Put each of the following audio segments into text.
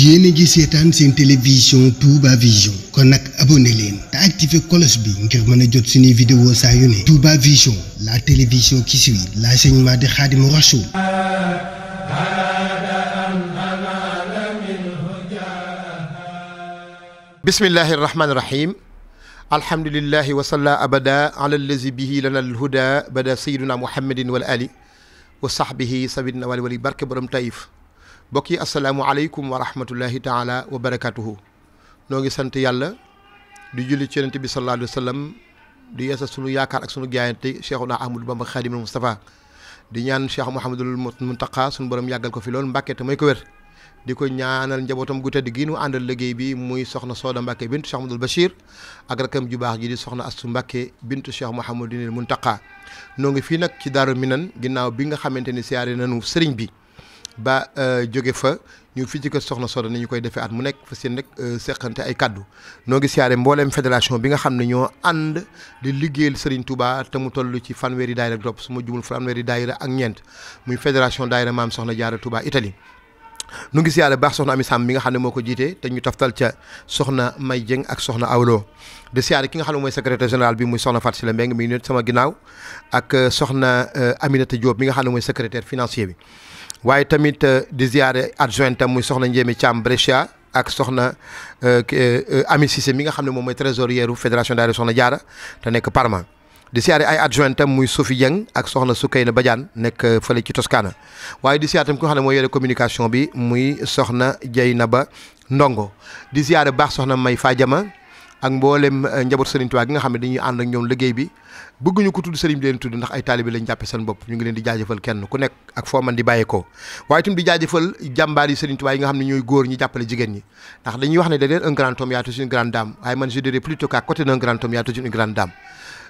yéen a ngi seetaan seen télévision Touba Vision kon nag abonné leen te activé cloche bi ngir mën a jot suñuy vidéo saa yu ne Touba Vision la télévision qui suit l'enseignement de Khadimou Rassoul bismillahi rahmaani rahim alhamdulillahi wa salla abada ala allazi bihi lana alhuda bada sayyiduna muhammadin wal ali wa sahbihi sabidna wali wali barke borom Taïf mbokk yi asalaamualeykum wa rahmatullahi taala wa barakatuhu noo ngi sant yàlla di julli ci bi sallallahu alayhi wa sallam di yeesa sunu yaakaar ak sunu jaayante Cheikhuna Ahmadou Bamba Khadimul Mustafa di ñaan Cheikh Mouhamadul Muntaqa sunu borom yàggal ko fi lool Mbàkke te may ko wér di ko ñaanal njabootam gu tedd gi nu àndal liggéey bi muy soxna Sooda Mbàkke bintu Cheikh Mouhamadul Bachir ak rakam ju baax ji di soxna Astu Mbàkke bintu Cheikh Mouhamadul Muntaqa noo ngi fii nag ci Daaru Minan ginnaaw bi nga xamante ni siyaare nañu sëriñ bi ba euh, jóge fa ñu fi ci Soxna Soda ni ñu koy defee at mu nekk fa seen rek seqante ay kàddu noo ngi siyaare mbooleem fédération bi nga xam ne ñoo ànd di liggéeyal Serigne tubaa te mu toll ci fanweeri daayira ak topp su ma jumul fanweeri daayira ak ñeent muy fédération daayira maam Soxna Jaara Touba Italie. nu ngi siyaare baax soxna Ami Sam mi nga xam ne moo ko jiite te ñu tal ca soxna May Dieng ak soxna Awlo di siyaare ki nga xam ne mooy secrétaire général bi muy soxna Fatou Sile Mbengue mi ngi sama ginnaaw ak euh, soxna euh, Aminata Diop mi nga xam ne mooy secrétaire financier bi. waaye tamit euh, di ziare adjointe muy soxna Ndiémi Thiam Brescia ak soxna euh, euh, Ami Cissé mi nga xam ne moom mooy trésorière fédération daara soxna jaara te nekk Parma. di siyaare ay adjointe muy Sophie Dieng ak soxna na Badiane nekk fële ci Toscana waaye di siyaare tam nga xam ne mooy yore communication bi muy soxna na ba Ndongo di siyaare baax soxna May Fadiama ak mboolem eh, njaboot Serigne Touba gi nga xam ne dañuy ànd ak ñoom liggéey bi bëgguñu ko tudd Serigne bi leen tudd ndax ay taalibe lañ jàppe seen bopp ñu ngi leen di jaajëfal kenn ku nekk ak foo man di bàyyeekoo waaye itam di jaajëfal jàmbaar yi xam ne ñooy góor ñi jàppale jigéen ñi ndax dañuy wax ne da leen un grand homme y a toujours une grande dame waaye man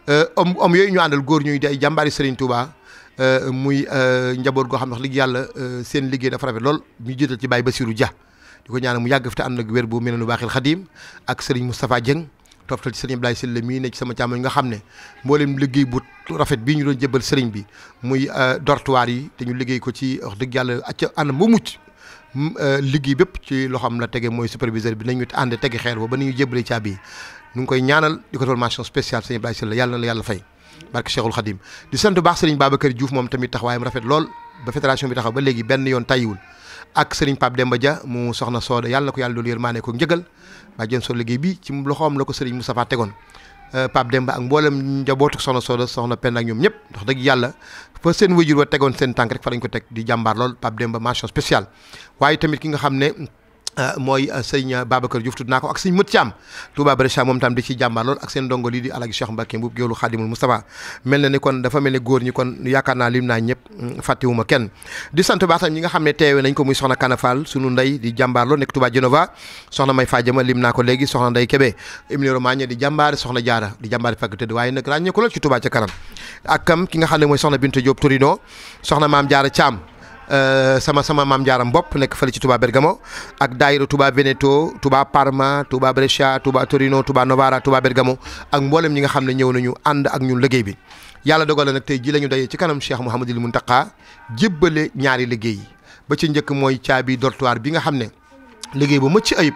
euh, yooyu ñu àndal góor ñuy di ay jàmbaar yi Serigne Touba euh, muy euh, njaboot goo xam ne wax dëgg yàlla seen liggéey dafa rafet lool ñu jiital ci ba Bassirou ja di ko ñaanal mu yàgg fi te ànd ak wér bu mel ne baaxil xadim ak Serigne Moustapha Dieng toftal ci Serigne Abdoulaye ne ci sama càmmoñ nga ne mboolem liggéey bu rafet bii ñu doon jëbal Serigne bi muy euh, dortoir yi te ñu liggéey ko ci wax dëgg yàlla acca ànd ba mucc euh, liggéey bépp ci loxoom la tege mooy superviseur bi nañu ànd tege xeer ba ba nañu jébale caabi yi ñu ngi koy ñaanal di ko tool mention spéciale Serigne Abdoulaye yàlla na yàlla fay barke Cheikhul Khadim sant baax Serigne Babacar Diouf moom tamit taxawaayam rafet lool ba fédération bi taxaw ba léegi benn yoon tàyyiwul ak sëriñ Pape Demba Dia mu soxna Sooda yàlla na ko yàlla doolu yërmaane ko njëgal bàjjen so liggéey bi ci loxoom la ko sëriñ Moustapha tegoon euh, Pape Demba ak mboolem njabootu soxna Sooda soxna Pend ñoom ñëpp ndax dëgg yàlla fa seen wajur wa tegoon seen tànk rek fa lañ ko teg di jàmbaar lool Pape Demba mention spéciale waaye tamit ki nga xam ne Euh, mooy euh, sëñ euh, Babacar Diouf tudd naa ko ak sëñ Mët Thiam Touba Brescia moom tam di ci jàmbaar lool ak seen ndongo lii di Alaaji Cheikh Mbacke Mbuub géwlu Xaadimul Moustapha mel na kon dafa mel ne góor ñi kon yaakaar naa lim naa ñëpp mm, fàttewuma kenn di sant baax tam ñi nga xam ne teewe nañ ko muy soxna Kana Fall sunu ndey di jàmbaar lool nekk Touba Genova soxna May Fadiama lim naa ko léegi soxna Ndey Kebe Emilie Romagna di jàmbaar soxna Jaara di jàmbaar fàgg waaye nag ràññee ko lool ci Touba ca ak kam ki nga xam ne mooy soxna Binta Diop Torino soxna Maam Jaara Thiam Euh, sama sama maam jaaram bopp nekk fële ci tubaa Bergamo ak daayira Touba Veneto Touba Parma Touba Brescia tubaa Torino Touba Novara Touba Bergamo ak mboolem ñi nga xam ne ñëw nañu ànd ak ñun liggéey bi yàlla dogal na nag tey ji la ñu dayee ci kanam Cheikh Mouhamadul Mountakha jébbale ñaari liggéey ba ci njëkk mooy caabi dortoir bi nga xam ne liggéey bu mëcc ayib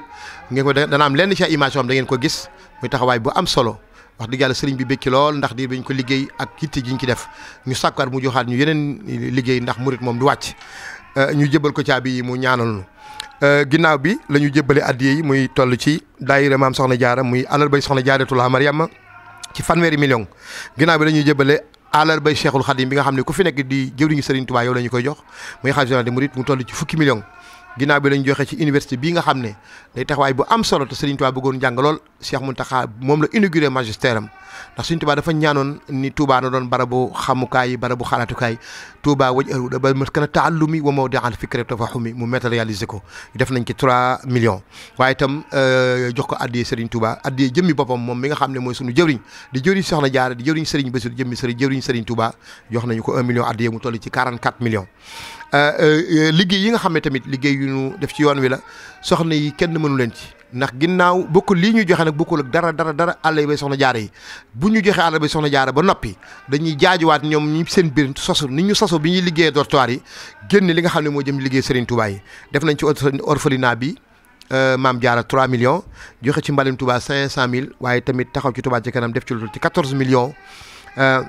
ngeen ko dana am lenn ci ay image yoo xam da ngeen ko gis muy taxawaay bu am solo wax dëgg yàlla sëriñ bi békki lool ndax di bañ ko liggéey ak yitte ji ñu def ñu sàkkaat mu joxaat ñu yeneen liggéey ndax murit moom du wàcc euh, ñu jëbal ko caabi yi mu ñaanal ñu euh, ginnaaw bi la ñu jëbale addiye yi muy toll ci daayira maam soxna jaara muy alal bay soxna jaaratulaa Mariama ci fanweeri million ginnaaw bi la ñuy jëbale alal bay cheikhul xadim bi nga xam ne ku fi nekk di jëwriñu sëriñ Tuubaa yow la koy jox muy xaalis di murit mu toll ci fukki million ginnaaw bi lañ joxe ci université bi nga xam ne day taxawaay bu am solo te Serigne Touba bëggoon jàng lool Cheikh Mountakha moom la inauguré magistère am ndax suñ Tuubaa dafa ñaanoon ni Tuubaa na doon barabu xamukaay barabu xalaatukaay Tuubaa waj ëruda ba maskana taallumi wa mawdi al fikri tafahumi mu ko def nañ ci 3 millions waaye itam euh, jox ko addiyee Serigne Touba addiyee jëmmi boppam moom mi nga xam ne mooy sunu jëwriñ di jëwriñ Soxna Jaara di jëwriñ Serigne Bassirou jëmmi Serigne jëwriñ Serigne Touba jox nañu ko 1 million addiyee mu toll ci 44 millions euh, euh, liggéey yi nga xam ne tamit liggéey yu ñu def ci yoon wi la soxna yi kenn mënu leen ci ndax ginnaaw bokk lii ñu joxe nag bokkul ak dara dara dara àll bay soxna jaara yi bu ñu joxe àll bay soxna jaara ba noppi dañuy jaajuwaat ñoom ñu seen biir sosu ni ñu soso bi ñuy liggéeyee dortoir yi génn li nga xam ne moo jëm liggéey Serigne Touba def nañ ci orphelinat bi euh, maam jaara 3 millions joxe ci mbalim Touba 500 mille waaye tamit taxaw ci Touba ci kanam def ci lu ci 14 millions euh,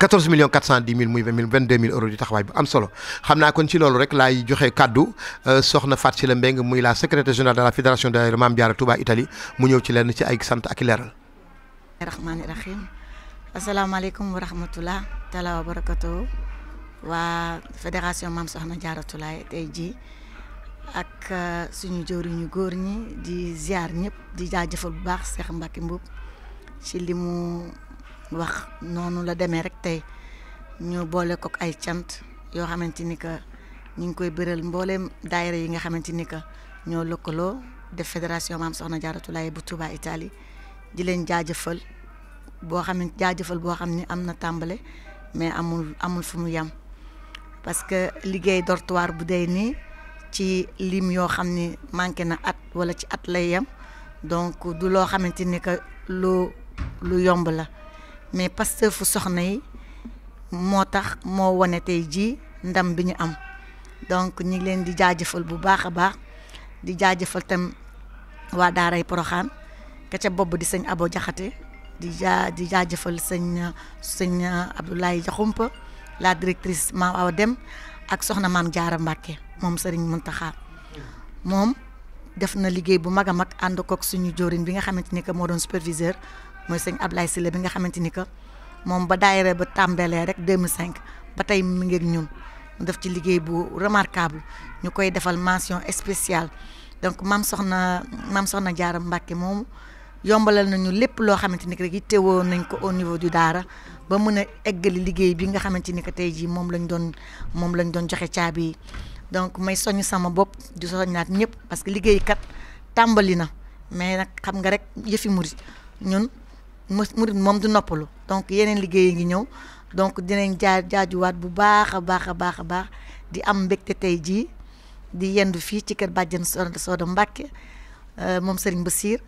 14 millions 410 mille muy 22 mille euros di taxawaay bu am solo xam naa kon ci loolu rek lay joxe kaddu euh, soxna ci la Mbengue muy la secrétaire générale de la fédération daayira Maam Jaara Touba Italie mu ñëw ci lenn ci ay sant ak i leeral. rahmaani rahim asalaamaaleykum wa rahmatulah taala wa barakatuh waa fédération Maam Soxna Jaara Tulaay tey jii ak euh, suñu jëwriñu góor ñi di ziar ñëpp di jëfal bu baax Cheikh Mbacke Mboub ci li wax noonu la demee rek tey ñu boole ko ay chant yoo xamante ni que ñu ngi koy bëral mbooleem daayira yi nga xamante ni que ñoo lëkkaloo def fédération maam soxna jaaratulaay bu Touba Italie di leen jaajëfal boo xam ne jaajëfal boo xam ni am na tàmbale mais amul amul fu mu yem parce que liggéey dortoir bu dee nii ci lim yoo xam ni manqué na at wala ci at lay yem donc du loo xamante ni que lu lu yomb la mais Pastef fu soxna yi moo tax moo wane tey jii ndam bi ñu am donc ñi ngi leen di jaajëfal bu baax a baax di jaajëfal tam waa daaray Poroxaan ka ca bopp di sëñ aboo Jaxate di jaa di jaajëfal sëñ sëñ Abdoulaye Jaxumpa la directrice Maam Awa Dem ak soxna Maam Jaara Mbàkke moom Sëriñ Muntaxa moom def na liggéey bu mag a mag ànd kook suñu jóorin bi nga xamante ni que moo doon superviseur mooy sëñ Ablaye Sylla bi nga xamante ni que moom ba daayira ba tàmbalee rek 2005 ba tey mi ngi ak ñun mu def ci liggéey bu remarquable ñu koy defal mention spéciale donc maam soxna maam a Jaara Mbàkke moom yombalal nañu lépp loo xamante ni que rek nañ ko au niveau di daara ba mën a eggali liggéey bi nga xamante ni que tey jii moom lañ doon moom lañ doon joxe caabi yi donc may soññ sama bopp di soññaat ñëpp parce que liggéeykat tàmbali na mais nag xam nga murid moom du noppalu donc yeneen liggéey ngi ñëw donc dinañ jaa jaajuwaat bu baax a baax a baax a baax di am mbégte tey jii di yendu fii ci kër bàjjan bàjjen Soda Mbàkke euh, moom Serigne Bassir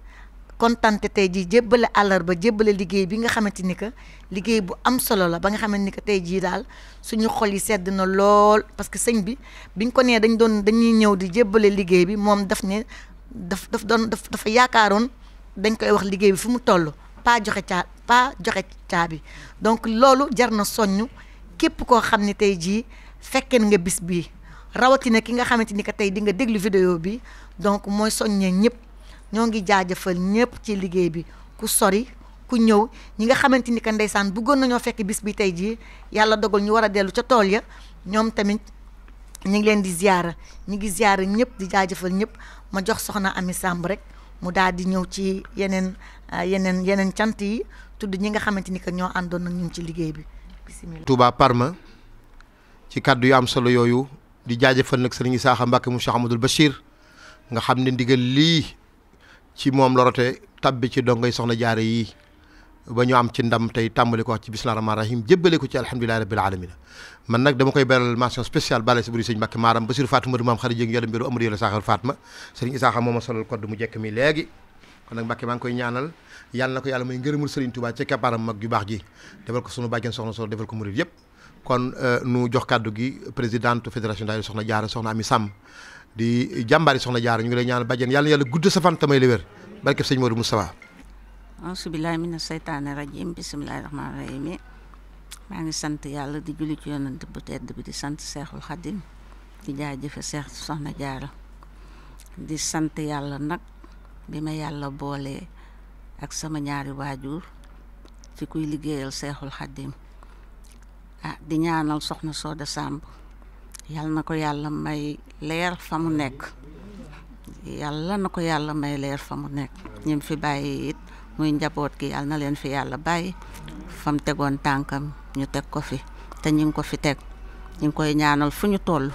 kontante tey jii jébbale àllarba jébbale liggéey bi nga xamante ni que liggéey bu am solo la ba nga xamante ni que tey jii daal suñu xol yi sedd na lool parce que sëñ bi biñ ko nee dañ doon dañuy ñëw di jébbale liggéey bi moom daf ne daf daf doon daf dafa yaakaaroon dañ koy wax liggéey bi fu mu toll pas joxe caa pas joxe caabi donc loolu jar na soññ képp koo xam ne tey jii fekkeen nga bis bi rawatina ki nga xamante ni que tey di nga déglu vidéo bi donc mooy soññee ñëpp ñoo ngi jaajëfal ñëpp ci liggéey bi ku sori ku ñëw ñi nga xamante ni que ndeysaan bëggoon nañoo fekk bis bi tey jii yàlla dogal ñu war a dellu ca tool ya ñoom tamit ñu ngi leen di ziyaara ñu ngi ziyaara ñëpp di jaajëfal ñëpp ma jox soxna Ami sàmb rek mu daal di ñëw ci yeneen Ah, yeneen yeneen cant yi tudd ñi nga xamante ni que ñoo àndoon ak ñun ci liggéey bi bisimilah. Touba Parma ci kàddu yu am solo yooyu di jaajëfal nag sëriñ Isaaxa Mbàkke mu Cheikh Amadou Bachir nga xam ne ndigal lii ci moom la rote tabbi ci dongoy soxna yii ba ñu am ci ndam tey tàmbali ko wax ci bismillah rahmaan kodd mu jekk mi léegi kon nag Mbàkke maa ngi koy ñaanal yàlla na ko yàlla may ngërëmul Serigne Touba ci keppaaram mag ju baax ji defal ko sunu bàjjen soxna solo defal ko murid yëpp kon euh, nu jox kàddu gi présidente fédération daayira soxna jaara soxna Ami Sàmm di jàmbaari soxna jaara ñu ngi lay ñaanal bàjjen yàlla gudd sa fan tamay la wér barke sëñ Modou Moustapha auzu billaahi mina seytaani rajim bismillaahi rahmaani rahim maa ngi sant yàlla di julli ci yonent tedd bi di sant seexul xadim di jaajëfe seex soxna jaara di sant bi ma yàlla boolee ak sama ñaari waajur ci kuy liggéeyal seexul xaddim ah di ñaanal soxna Sooda Samb yàlla na ko yàlla may leer fa nekk yàlla na ko yàlla may leer fa mu nekk ñim fi bàyyi it muy njaboot gi yàlla na leen fi yàlla bàyyi fam tegoon tànkam ñu teg ko fi te ñu ngi ko fi teg ñu ngi koy ñaanal fu ñu toll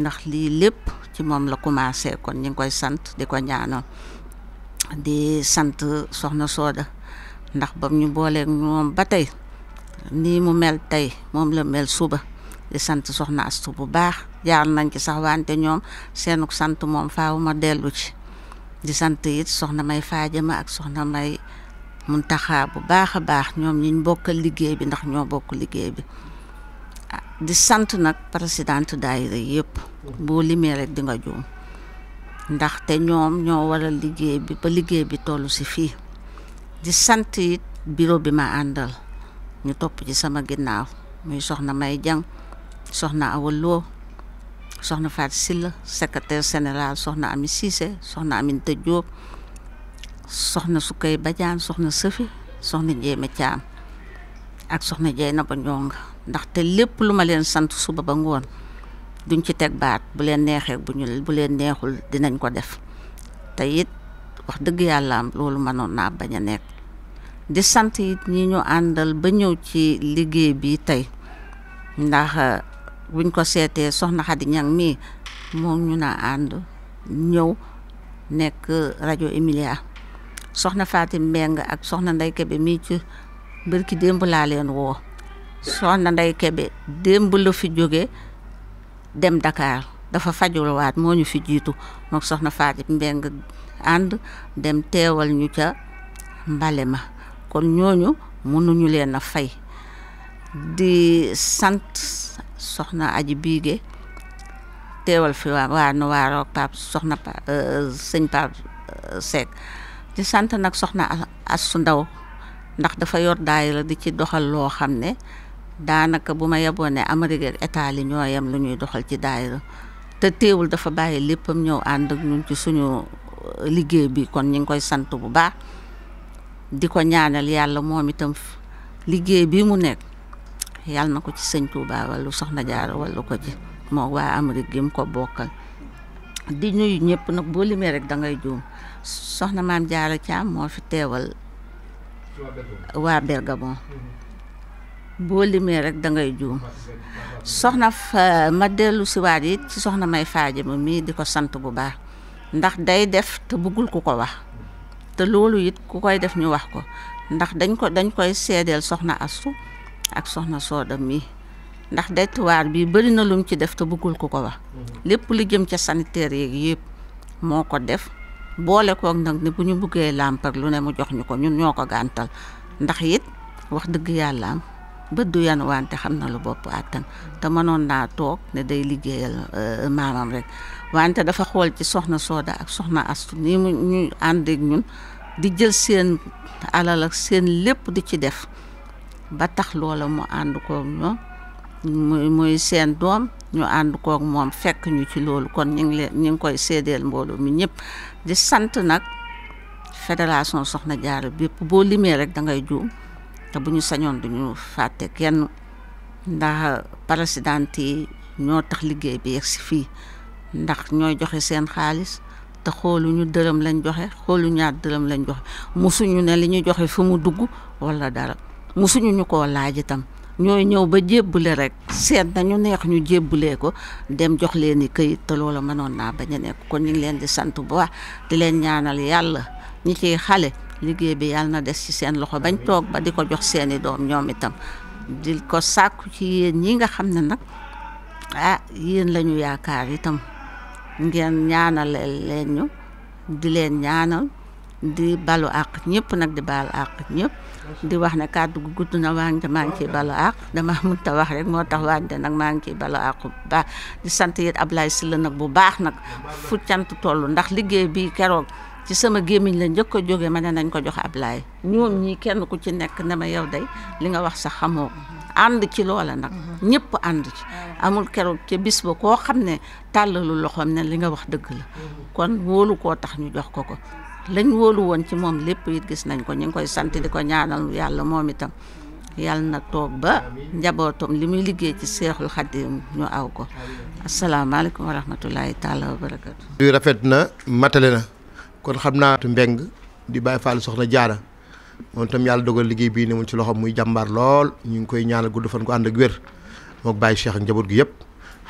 ndax lii lépp ci moom la commencé kon ñu ngi koy sant di ko ñaanal di sant soxna Sooda ndax bam ñu booleeg ñoom ba tey nii mu mel tey moom la mel suba di sant soxna astu bu baax jaar nañ ci sax wante ñoom seenuk sant moom faaw dellu ci di sant it soxna may faajama ak soxna may muntaxaa bu baax a baax ñoom ñiñ bokkal liggéey bi ndax ñoo bokk liggéey bi ah, di sant nag présidente daayira yëpp boo limee rek di nga ndaxte ñoom ñoo waral liggéey bi ba liggéey bi toll si fii di sant it bureau bi ma àndal ñu topp ci sama ginnaaw muy soxna May Jang soxna Awa Lo soxna Fatou Silla secrétaire général soxna Ami Cissé soxna Aminta Diop soxna Sukay Badiane soxna Sëfi soxna Jéeme Thiam ak soxna Jeynaba Ndionga ndaxte lépp lu ma leen sant suba ba ngoon duñ ci teg baat bu leen neexee bu ñu bu leen neexul dinañ ko def te it wax dëgg yàlla am loolu mënoon naa bañ a nekk di sant it ñi ñu àndal ba ñëw ci liggéey bi tey ndax euh, buñ ko seetee soxna Xadi Ñang mii moom ñu na ànd ñëw nekk rajo Emilia soxna Fatim Mbeng ak soxna Ndey bi mii ci mbir ki démb laa leen woo soxna Ndey Kebe démb la fi jóge dem Dakar dafa fajulwaat moo ñu fi jiitu mook soxna Faati Mbeng ànd dem teewal ñu ca mbale ma kon ñooñu mënuñu leen a fay di sant soxna aji biige teewal fi waa waa nu waaroo pap soxna pa euh, sëñ pap euh, Seck di sant nag soxna Asu Ndaw ndax dafa yor daayira di ci doxal loo xam ne daanaka bu ma yeboon ne Amérique état li ñoo yem lu ñuy doxal ci daayira te teewul dafa bàyyi léppam ñëw ànd ak ñun ci suñu euh, liggéey bi kon ñu ngi koy sant bu baax di ko ñaanal yàlla moom itam liggéey bi mu nekk yàlla na ko ci sëñ Touba wala soxna jaaro wala ko ci moo waa Amérique gi mu ko bokkal di ñuy ñëpp nag boo limee rek dangay ngay juum soxna maam Jaara Caam moo fi teewal waa Bergamo mm-hmm. boo limee rek da ngay juum soxna ma dellu siwaat yi ci soxna may faaje ma mii di ko sant bu baax ndax day def te bëggul ku ko wax te loolu it ku koy def ñu wax ko ndax dañ ko dañ koy seedeel soxna astu ak soxna sooda mii ndax dettuwaar bi bëri na lum ci def te buggul ku ko wax lépp lu jëm ca sanitaire yeeg yëpp moo ko def boole kook nag ni bu ñu buggee làmpar lu ne mu jox ñu ko ñun ñoo ko gàntal ndax it wax dëgg yàlla am bët du yan wante xam na lu bopp àttan te mënoon naa toog ne day liggéeyal euh, maamam rekk wante dafa xool ci soxna Sooda ak soxna Astu ni mu ñu ànd ak di jël seen alal seen lépp di ci def ba tax loola mu ànd seen doom ñu ànd koog moom fekk ñu ci loolu kon ñu ngi leen ñu koy seedeel mbooloo mi ñëpp di sant nag fédération soxna Jaara bépp boo limee rek da ngay juum te bu ñu sañoon duñu fàtte kenn ndax président yi ñoo tax liggéey bi yegg si fii ndax ñooy joxe seen xaalis te xooluñu dërëm lañ joxe xoolu ñaar dërëm lañ joxe musuñu ne li ñu joxe fu mu dugg wala dara musuñu ñu ko laaj itam ñooy ñëw ba jébbule rek seet nañu neex ñu jébbule ko dem jox leen i këyit te loola mënoon naa bañ a nekk kon ñu leen di sant bu baax di leen ñaanal yàlla ñi ciy xale liggéey bi yàlla na des ci seen loxo bañ toog ba di ko jox seeni doom ñoom itam di ko sàkku ci yéen ñi nga xam ne nag ah yéen lañu yaakaar itam ngeen ñaanal leen ñu di leen ñaanal di balu àq ñëpp nag di baal àq ñëpp di wax ne kàddu gu gudd na wante maa ngi ci balu àq dama mënut wax rek moo tax wante nag maa ngi ciy balu àq bu baax di sant yéen Ablaye Sylla nag bu baax nag fu cant toll ndax liggéey bi keroog ci sama gémmiñ la njëkk jóge ma ne nañ ko jox Ablaye ñoom ñii kenn ku ci nekk na ma yow day li nga wax sax xamoo ànd ci loola nag ñëpp ànd ci amul keroog ca bis ba koo xam ne tàllalu loxoom ne li nga wax dëgg la kon wóolu koo tax ñu jox ko ko lañ wóolu woon ci moom lépp it gis nañ ko ñu ngi koy sant di ko ñaanal yàlla moom itam yàlla na toog ba njabootam li muy liggéey ci seexul xaddim ñu aw ko asalaamaaleykum wa rahmatulahi taala wa barakatu. rafet na matale na. kon xam naa mbeng di bàyyi Fall soxna jaara moom itam yàlla dogal liggéey bii ne mu ci loxo muy jàmbaar lool ñu ngi koy ñaanal gudd fan ko ànd ak wér mook bàyyi Cheikh ak njaboot gi yëpp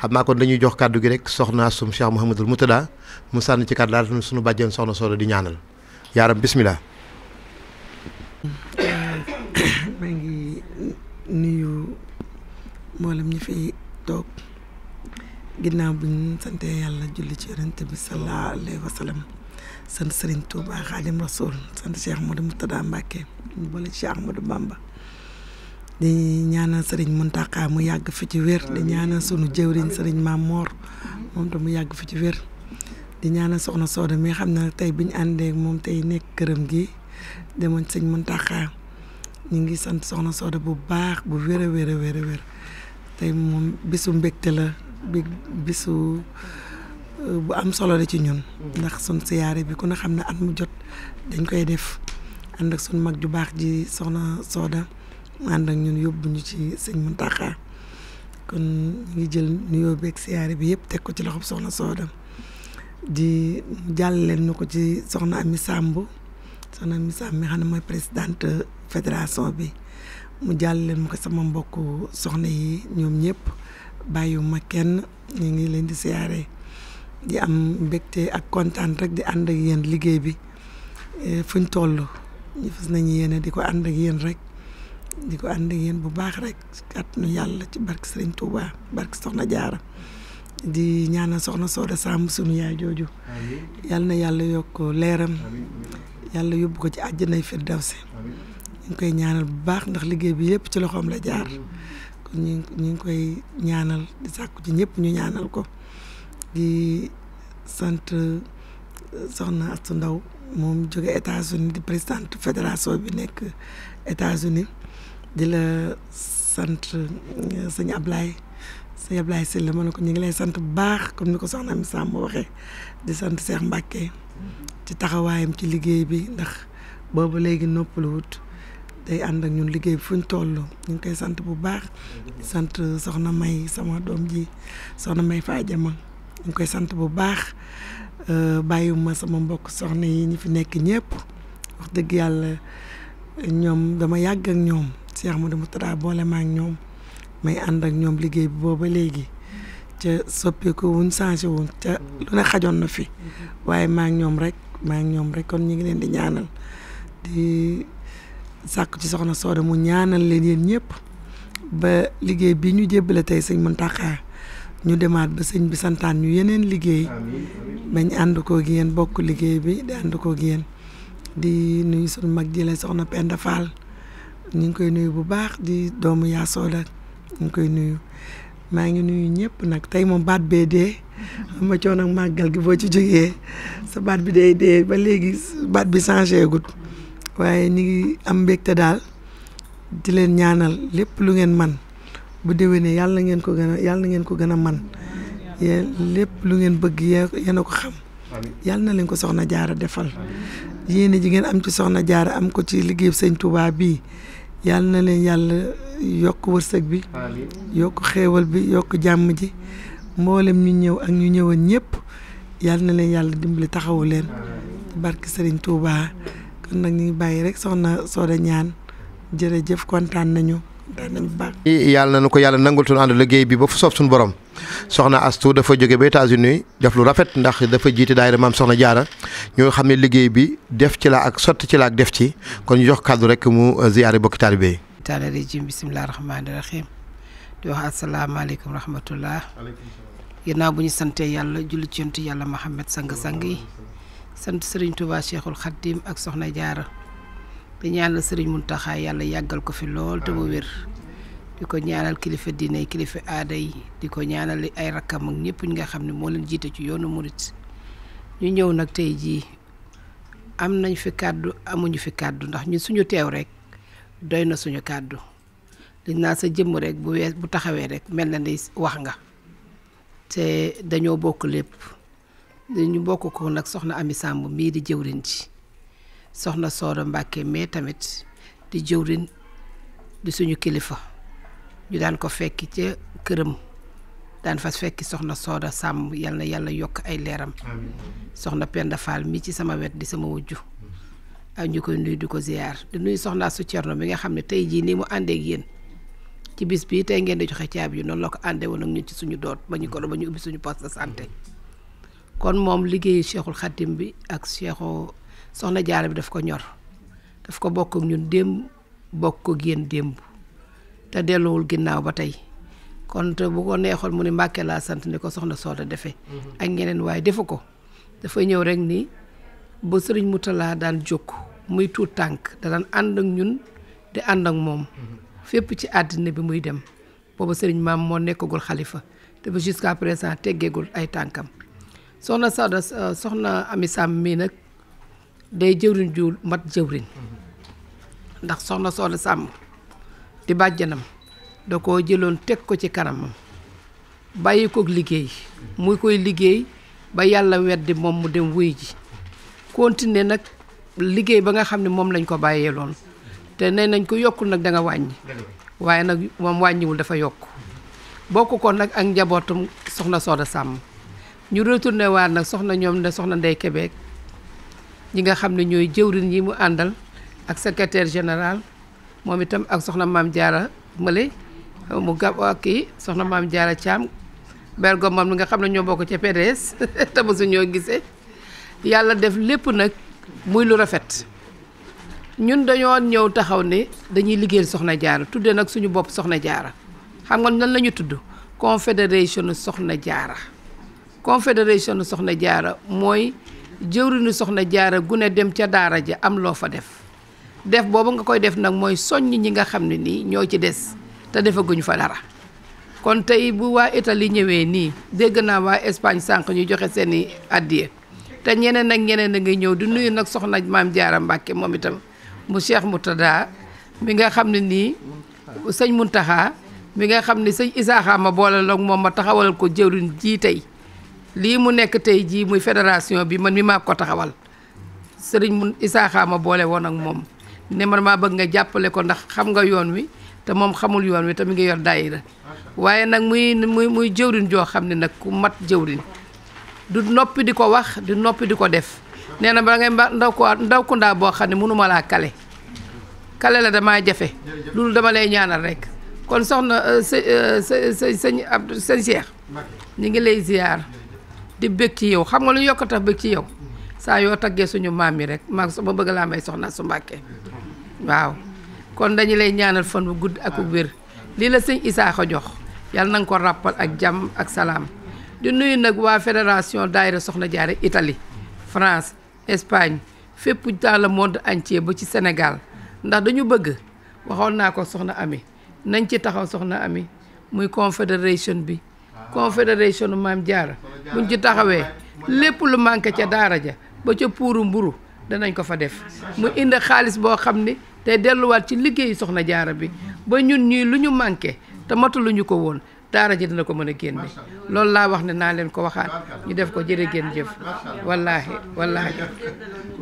xam naa kon dañuy jox kàddu gi rek soxna sum Cheikh Mouhamadul Moutada mu sànni ci kàddu daal suñu bàjjeen soxna Soda di ñaanal yaaram bismillah maa ngi nuyu mboolem ñi fi sant Serigne Touba Xaadim Rasoul sant Cheikh Ahmadou Mourtada Mbacké ñu boole Cheikh Ahmadou Bamba di ñaanal Serigne Mountakha mu yàgg fi ci wér di ñaanal sunu jëwriñ Serigne Mamor moom tam mu yàgg fi ci wér di ñaanal soxna Soda mi xam na tey bi ñu àndee moom tey nekk këram gi demoon sëñ Mountakha ñu ngi sant soxna Soda bu baax bu wér a wér tey moom bisu mbégte la bisu. bu am solo la ci ñun. Mm-hmm. ndax sun siyaare bi ku ne xam ne at mu jot dañ koy def ànd ak sunu mag ju baax ji soxna Soda mu ànd ak ñun yóbbu ñu ci sëñ Mountakha kon ñu ngi jël nuyoo beeg siyaare bi yëpp teg ko ci loxob soxna Soda di jàlleen ñu ko ci soxna Ami Samb soxna Ami Samb mi xam fédération bi mu jàlleen mu ko sama mbokku soxna yi ñoom ñëpp bàyyiwuma kenn ñu ngi leen di siyaare. di am mbégte ak kontaan rek di ànd ak liggéey bi e, fuñ toll ñu fas nañu yéene di ko ànd ak yéen rek di ko ànd ak bu baax rek kàttanu yàlla ci barke Serigne Touba barke Soxna Jaara di ñaanal soxna Sooda Samb sunu yaay jooju yàlla na yàlla yokk leeram yàlla yóbbu ko ci àjjanay firdawsi ñu ngi koy ñaanal bu baax ndax liggéey bi yëpp ci loxoom la jaar kon ñu ngi koy ñaanal di sàkku ci ñëpp ñu ñaanal ko di sant euh, soxna Astou Ndaw moom jóge États-Unis di présidente fédération bi nekk États-Unis di la sant euh, sëñ Ablaye sëñ Ablaye Sylla ma ne ko ñu ngi lay sant bu baax comme ni ko soxna mi Samb waxee di sant Cheikh Mbacke ci taxawaayam ci liggéey bi ndax boobu léegi noppaluwut day ànd ak ñun liggéey bi fu ñu ngi koy sant bu baax sant euh, soxna May sama doom ji soxna May faa Fadiama ñu koy sant bu baax euh, bàyyiwuma sama mbokk soxna yi ñu fi nekk ñëpp wax dëgg yàlla ñoom dama yàgg ak ñoom Cheikh mu Moutara boole ma ñoom may ànd ak ñoom liggéey bi booba léegi ca soppeeku wuñ changé wuñ ca lu ne xajoon na fi waaye maa ñoom rek maa ñoom rek kon ñu ngi leen di ñaanal di sàkku ci soxna Soda mu ñaanal leen yéen ñëpp ba liggéey bi ñu jébbale tey sëñ Mountakha ñu demaat ba sëñ bi santaan ñu yeneen liggéey bañ ànd koog yéen bokk liggéey bi di ànd koog yéen di nuyu suñu mag jële soxna Penda Fall ñu ngi koy nuyu bu baax di doomu yaa sooda ñu ngi koy nuyu maa ngi nuyu ñëpp nag tey moom baat bee dee xam nga coono gi boo ci jógee sa bi day ba léegi baat bi changé gut waaye ñu ngi am mbégte daal di leen ñaanal lépp lu ngeen man bu déwénee yàlla na ngeen ko gën na ngeen ko gën a man yéen lépp lu ngeen bëgg yéen a ko xam yàlla na leen ko soxna jaara defal yéene ji ngeen am ci soxna jaara am ko ci liggéey sëñ Touba bii yàlla na leen yàlla yokk wërsëg bi yokk xéewal bi yokk jàmm ji mboolem ñu ñëw ak ñu ñëwoon ñëpp yàlla na leen yàlla dimbali taxawu leen barki sëriñ tuubaa kon nag ñu bàyyi rek soxna Soda ñaan jërëjëf kontaan nañu yàlla na ko yàlla nangul suñu ànd liggéey bi ba fu soof suñu borom soxna Astou dafa jóge ba États-Unis def lu rafet ndax dafa jiite daayira maam soxna jaara ñoo xam ne liggéey bi def ci la ak sotti ci la ak def ci kon ñu jox kàddu rek mu ziyaare bokki taalibe yi taala rajim bisimilah rahmaani rahim di wax asalaamaaleykum rahmatullah ginnaaw bu ñu santee yàlla julli ci yonent yàlla Muhammad sang sang yi sant Serigne Touba Cheikhul Khadim ak soxna jaara di ñaanal sëriñ Muntaxa yàlla yàggal ko fi lool te mu wér di ko ñaanal kilifa diine kilifa aada yi di ko ñaanali ay rakkam ak ñëpp ñi nga xam ne moo leen jiite ci yoonu murit ñu ñëw nag tey jii am nañ fi kàddu amuñu fi kàddu ndax ñun suñu teew rekk doy na suñu kàddu dañ naa sa jëmm rek bu wees bu taxawee rek mel na ni wax nga te dañoo bokk lépp ñu bokk ko nag soxna Ami Samb mii di jëwriñ ci soxna Sooda Mbàkke mais tamit di jëwrin di suñu kilifa ñu daan ko fekki ca këram daan fas fekki soxna Sooda sàmm yal na yàlla yokk ay leeram soxna Penda Fall mi ci sama wet di sama wujju ak ñu koy nuyu di ko ziyaar di nuy soxnaa su Cerno bi nga xam ne tey jii nii mu àndeek yéen ci bis bii tey ngeen di joxe caabi yu noonu la ko àndee woon ak ñun ci suñu doot ba ñu ko ba ñu ubbi suñu poste de santé kon moom liggéeyu Cheikhul Khadim bi ak Cheikhu soxna jaara bi daf ko ñor daf ko bokk ak ñun démb bokk ko yéen démb te dellowul ginnaaw ba tey kon te bu ko neexoon mu ne Mbàkke laa sant ni ko soxna Sooda defee. Mhm. ak waaye defu ko dafay ñëw rek ni ba sëriñ Mutala daan jóg muy tuut tànk da ñun ànd ak moom mhm. fépp ci àddina bi muy dem booba sëriñ maam moo nekkagul xalifa te ba jusqu'à teggeegul ay tànkam soxna Ami Sam mii nag. day jëwriñ ju mat jëwriñ mm-hmm. ndax soxna soxna sàmm di bàjjanam da ko jëloon teg ko ci kanamam bàyyi kook liggéey muy koy liggéey ba yàlla weddi moom mu dem wuy ji continuer nag liggéey ba nga xam ne moom lañ ko bàyyee loon te nee nañ ko yokkul nag danga nga wàññi waaye nag moom wàññiwul dafa yokk bokk ko nag ak njabootum soxna Soda Sàmm ñu ne waat nag soxna ñoom ne soxna Ndey kebeek ñi nga xam ne ñooy jëwriñ yi mu àndal ak secretaire général moom itam ak soxna maam jaara mële mu gab ak kii soxna maam jaara Thiam bergo moom mi nga xam ne ñoo bokk ca PDS te mosu ñoo gisee yàlla def lépp nag muy lu rafet ñun dañoo ñëw taxaw ne dañuy liggéey soxna jaara tudde nag suñu bopp soxna jaara xam nga nan la ñu tudd confédération soxna jaara confédération soxna jaara mooy jëwriñu soxna jaara gune dem ca daara ja am loo fa def def boobu nga koy def nag mooy soññ ñi nga xam ne nii ñoo ci des te defaguñu fa dara kon tey bu waa Italie ñëwee nii dégg naa waa Espagne sànq ñu joxe seeni i te ñeneen ak ñeneen a ngi ñëw di nuyu nag soxna maam jaara Mbàkke moom itam mu Cheikh Moutada mi nga xam ne nii sëñ taxaa mi nga xam ne sëñ Isaaxa ma boole loog moom ma taxawal ko jëwriñ jii tey lii mu nekk tey jii muy fédération bi man mi maa ko taxawal sëriñ mun Isaaxa ma boole woon ak moom ne man maa bëgg nga jàppale ko ndax xam nga yoon wi te moom xamul yoon wi te mi ngi yor daayira waaye nag muy muy muy jëwriñ joo xam ne nag ku mat jëwriñ du noppi di ko wax di noppi di ko def nee na ba ngay ndaw ko ndaw ku ndaa boo xam ne mënuma laa kale kale la damaa jafe loolu dama lay ñaanal rek kon soxna euh, euh, së së sëñ Abdou ñu ngi lay ziar. di bëgg ci yow xam nga lu yokk bëgg ci yow saa yoo taggee suñu maam yi rek maa sama bëgg laa may soxna su Mbàkke waaw kon dañu lay ñaanal fan bu gudd ak wér lii la sëñ Isaaxa jox yàlla na nga ko ràppal ak jàmm ak salaam di nuyu nag waa fédération daayira soxna jaare itali France Espagne fépp dans le monde entier ba ci senegal ndax dañu bëgg waxoon naa ko soxna Ami nañ ci taxaw soxna Ami muy confédération bi confédération Maam Jaara buñ ci taxawee lépp lu manqué ca daara ja ba ca puuru mburu danañ ko fa def mu indi xaalis boo xam ni te delluwaat ci liggéeyu soxna jaara bi ba ñun ñii lu ñu manqué te mataluñu ko woon daara ji dina ko mën a génne loolu laa wax ne naa leen ko waxaat ñu def ko jërë ngeen jëf wallaahi wallaahi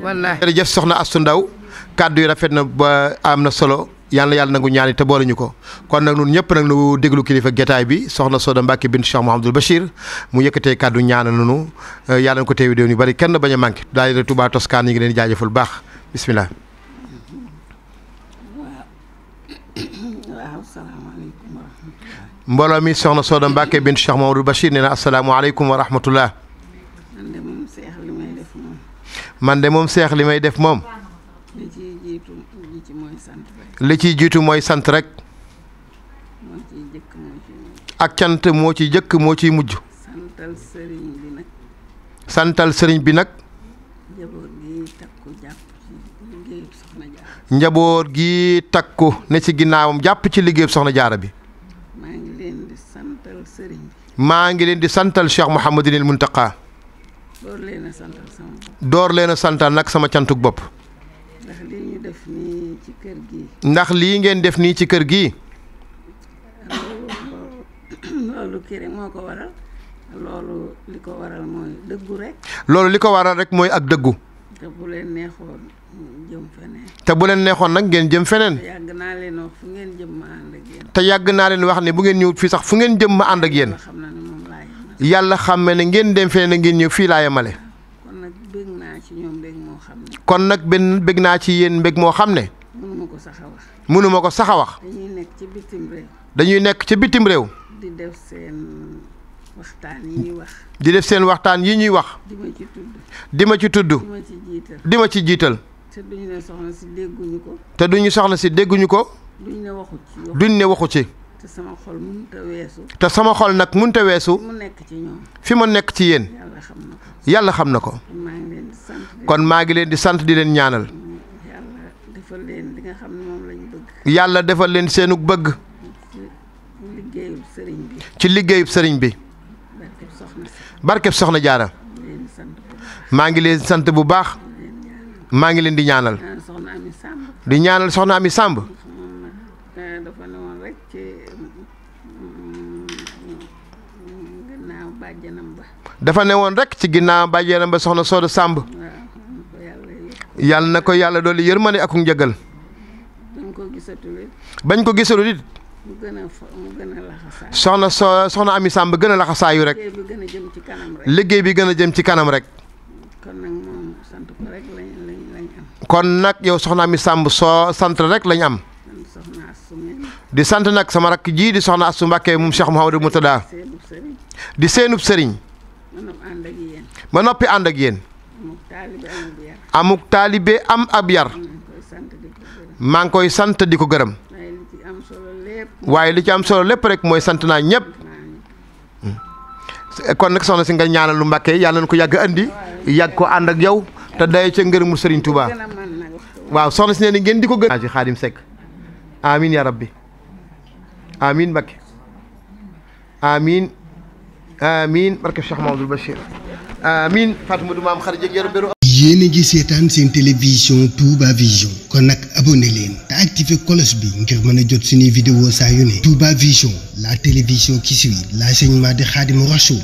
wallaahi jërëjëf soxna Astou Ndaw kàddu yi rafet na ba am na solo yàlla yàlla nangu ñaani te boole ko kon nag ñun ñëpp nag nu déglu kilifa gétaay bi soxna soo Mbacke bint Cheikh Mouhamadul Bachir mu yëkkatee kàddu ñaana nunu euh, yàlla na ko teewi bari kenn bañ a manqué daal di Touba Toscane yi mbooloo mi soxna Soda Mbacke bint Cheikh Mouhamadul Bachir nee na asalaamualeykum wa rahmatullah man de moom seex li may def moom li ciy jiitu ci mooy sant rek. jiitu mooy sant rek. ak cant moo ci jëkk moo ciy mujj. santal sëriñ bi nag. santal njaboot gi takku jàpp ci ne ci ginnaawam jàpp ci liggéeyub soxna jaara bi. maa ngi leen di santal sëriñ bi. maa ngi leen door leen a santal sama bopp. nag sama cantuk bopp. def nii ci kër gi. ndax lii ngeen def nii ci kër gi. loolu kii ko waral loolu li ko waral rek. mooy ak dëggu. te bu leen neexoon te bu leen neexoon nag ngeen jëm feneen. te yàgg naa leen wax fu ngeen jëm te yàgg naa leen wax ne bu ngeen ñëw fii sax fu ngeen jëm ma ànd ak yéen. yàlla xam ne ngeen dem feneen ngeen ñëw fii laa yemale. kon nag bëgg ci ñoom kon nag benn bëgg naa ci yéen mbëgg moo xam ne. mënuma ko sax a wax. dañuy nekk ci bitim réew. dañuy nekk ci bitim réew. di def seen waxtaan yi ñuy wax. di ma ci tudd. di ma ci jiital. te duñu ne soxna si dégguñu ko. te duñu ne waxu ci. duñ te sama xol nag munte weesu. nekk fi ma nekk ci yéen. yàlla xam na ko kon maa ngi leen di sant di leen ñaanal yàlla defal leen seenug bëgg ci liggéeyub sëriñ bi barkeb soxna jaara maa ngi leen sant bu baax maa ngi leen di ñaanal di ñaanal soxna ami sàmb dafa ne woon rek ci ginnaaw bàjjeenam ba soxna Sooda Sàmb yàlla na ko yàlla dolli yërmande ak njëgal bañ ko gisatul it soxna soo soxna Ami Sàmb gën a laxasaayu rek liggéey bi gën a jëm ci kanam rek kon nag yow soxna Ami Sàmb soo sant rek lañ am di sant nag sama rakk jii di soxna Astu Mbàkke moom Cheikh Mouhamadou Moutada di seenub sëriñ ba noppi ànd ak yéen. ma noppi ànd ak yéen. am ab yar. maa ngi koy sant di ko gërëm. waaye li ci am solo lépp rek mooy sant naa ñëpp. Hmm. kon nag soxna si nga ñaanal lu mbàkke yàlla na ko yàgg andi yàgg ko ànd ak yow te day ca ngërëmu Serigne Touba waaw soxna si ne ni ngeen di ko gën ci Xaadim Seck amin ya rabbi amin mbàkke amin amiin barke Cheikh Mamadou Bachir amiin Fatima du maam xarit jëg yaram a ngi seetaan seen télévision Touba Vision kon nag abonné leen te activé cloche bi ngir mën a jot suñuy vidéo saa yu ne Touba Vision la télévision qui suit l'enseignement de Khadimou Rassoul